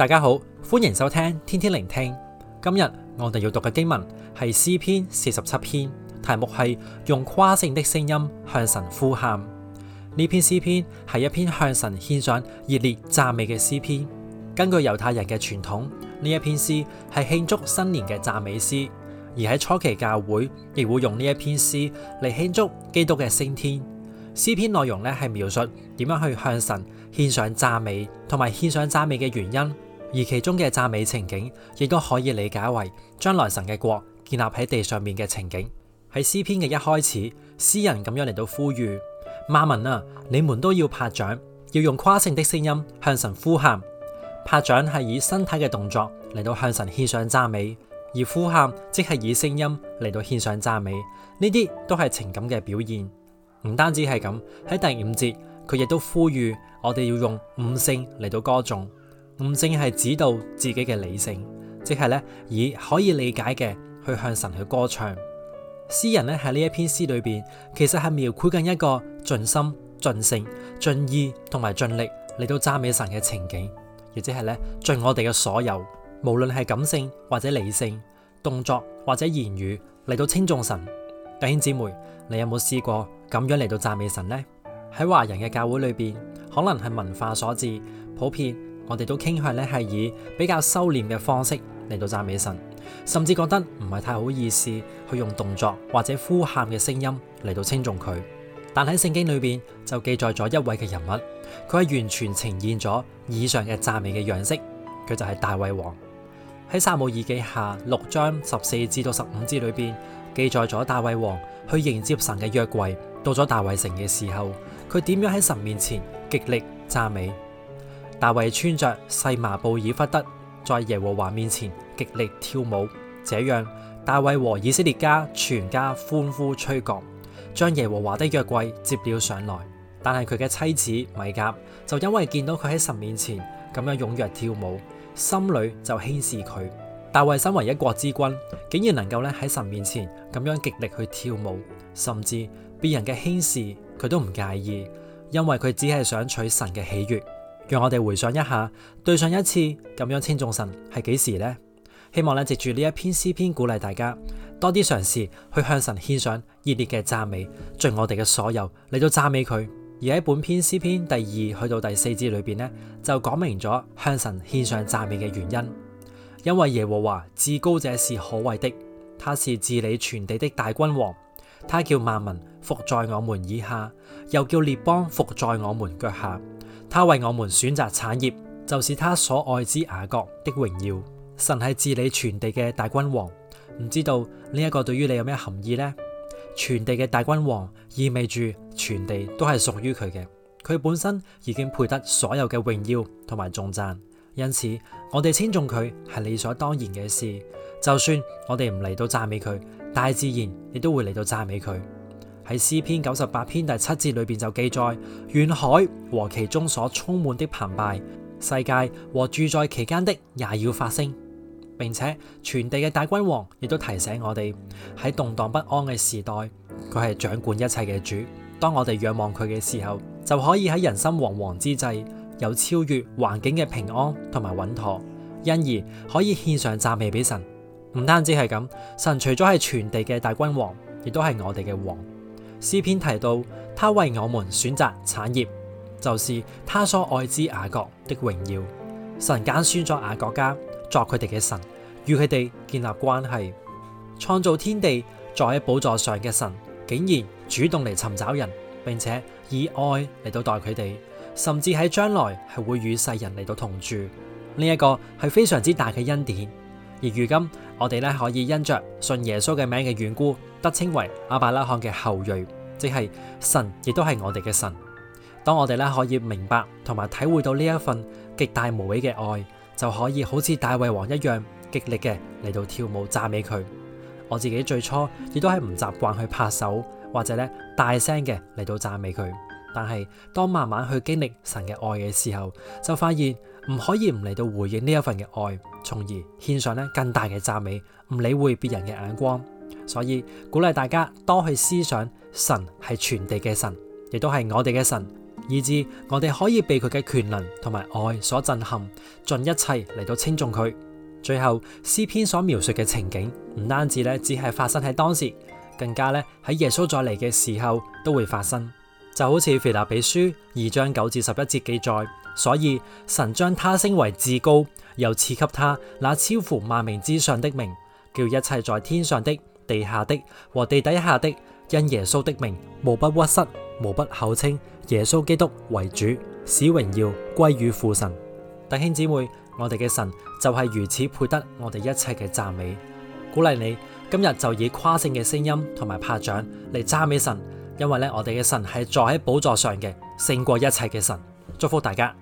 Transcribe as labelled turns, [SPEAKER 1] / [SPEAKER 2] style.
[SPEAKER 1] 大家好，歡迎收聽天天靈聽。今日我哋要讀嘅經文係詩篇四十七篇，題目係用誇勝的聲音向神呼喊。呢篇詩篇係一篇向神獻上熱烈讚美嘅詩篇。根據猶太人嘅傳統，呢一篇詩係慶祝新年嘅讚美詩，而喺初期教會亦會用呢一篇詩嚟慶祝基督嘅升天。詩篇內容呢係描述點樣去向神獻上讚美，同埋獻上讚美嘅原因。而其中嘅讚美情景，亦都可以理解為將來神嘅國建立喺地上面嘅情景。喺詩篇嘅一開始，詩人咁樣嚟到呼籲：萬民哪，你們都要拍掌，要用誇勝的聲音向神呼喊。拍掌係以身體嘅動作嚟到向神獻上讚美，而呼喊即係以聲音嚟到獻上讚美。呢啲都係情感嘅表現。唔單止係咁，喺第五節，佢亦都呼籲我哋要用悟性嚟到歌頌。唔，悟性係指到自己嘅理性，即係咧以可以理解嘅去向神去歌唱。詩人咧喺呢一篇詩裏邊，其實係描繪緊一個盡心、盡性、盡意同埋盡力嚟到讚美神嘅情景，亦即係咧盡我哋嘅所有，無論係感性或者理性、動作或者言語嚟到稱頌神。弟兄姊妹，你有冇試過咁樣嚟到讚美神呢？喺華人嘅教會裏邊，可能係文化所致，普遍，我哋都傾向咧係以比較收斂嘅方式嚟到讚美神，甚至覺得唔係太好意思去用動作或者呼喊嘅聲音嚟到稱頌佢。但喺聖經裏邊就記載咗一位嘅人物，佢係完全呈現咗以上嘅讚美嘅樣式，佢就係大衛王。喺撒母耳記下六章十四至到十五節裏邊記載咗大衛王去迎接神嘅約櫃，到咗大衛城嘅時候，佢點樣喺神面前極力讚美。大衛穿着細麻布以弗得，在耶和華面前極力跳舞，這樣大衛和以色列家全家歡呼吹角，將耶和華的約櫃接了上來。但係佢嘅妻子米甲就因為見到佢喺神面前咁樣踊躍跳舞，心裏就輕視佢。大衛身為一國之君，竟然能夠咧喺神面前咁樣極力去跳舞，甚至別人嘅輕視佢都唔介意，因為佢只係想取神嘅喜悦。讓我哋回想一下，對上一次咁樣稱頌神係幾時呢？希望呢，藉住呢一篇詩篇鼓勵大家多啲嘗試去向神獻上熱烈嘅讚美，盡我哋嘅所有，嚟到讚美佢。而喺本篇詩篇第二去到第四節裏邊呢，就講明咗向神獻上讚美嘅原因，因為耶和華至高者是可畏的，他是治理全地的大君王，他叫萬民伏在我們以下，又叫列邦伏在我們腳下。他為我們選擇產業，就是他所愛之雅各的榮耀。神係治理全地嘅大君王，唔知道呢一個對於你有咩含義呢？全地嘅大君王意味住全地都係屬於佢嘅，佢本身已經配得所有嘅榮耀同埋頌讚，因此我哋稱頌佢係理所當然嘅事。就算我哋唔嚟到讚美佢，大自然亦都會嚟到讚美佢。喺詩篇九十八篇第七節裏邊就記載，願海和其中所充滿的澎湃，世界和住在其間的也要發聲。並且全地嘅大君王亦都提醒我哋，喺動盪不安嘅時代，佢係掌管一切嘅主。當我哋仰望佢嘅時候，就可以喺人心惶惶之際有超越環境嘅平安同埋穩妥，因而可以獻上讚美俾神。唔單止係咁，神除咗係全地嘅大君王，亦都係我哋嘅王。詩篇提到，他為我們選擇產業。就是他所愛之雅各的榮耀，神揀選咗雅各家作佢哋嘅神，與佢哋建立關係，創造天地坐喺寶座上嘅神，竟然主動嚟尋找人，並且以愛嚟到待佢哋，甚至喺將來係會與世人嚟到同住，呢、這、一個係非常之大嘅恩典。而如今我哋咧可以因着信耶穌嘅名嘅緣故，得稱為亞伯拉罕嘅後裔，即係神亦都係我哋嘅神。當我哋咧可以明白同埋體會到呢一份極大無比嘅愛，就可以好似大衛王一樣極力嘅嚟到跳舞讚美佢。我自己最初亦都係唔習慣去拍手或者咧大聲嘅嚟到讚美佢。但係當慢慢去經歷神嘅愛嘅時候，就發現唔可以唔嚟到回應呢一份嘅愛，從而獻上咧更大嘅讚美，唔理會別人嘅眼光。所以鼓勵大家多去思想神係全地嘅神，亦都係我哋嘅神。以致我哋可以被佢嘅權能同埋愛所震撼，盡一切嚟到稱頌佢。最後詩篇所描述嘅情景，唔單止咧，只係發生喺當時，更加咧喺耶穌再嚟嘅時候都會發生。就好似腓立比書二章九至十一節記載，所以神將他升為至高，又賜給他那超乎萬名之上的名，叫一切在天上的、地下的和地底下的，因耶穌的名，無不屈膝，無不口稱耶穌基督為主，使榮耀歸於父神。弟兄姊妹，我哋嘅神就係如此配得我哋一切嘅讚美。鼓勵你今日就以誇勝嘅聲音同埋拍掌嚟讚美神，因為咧我哋嘅神係坐喺寶座上嘅，勝過一切嘅神。祝福大家。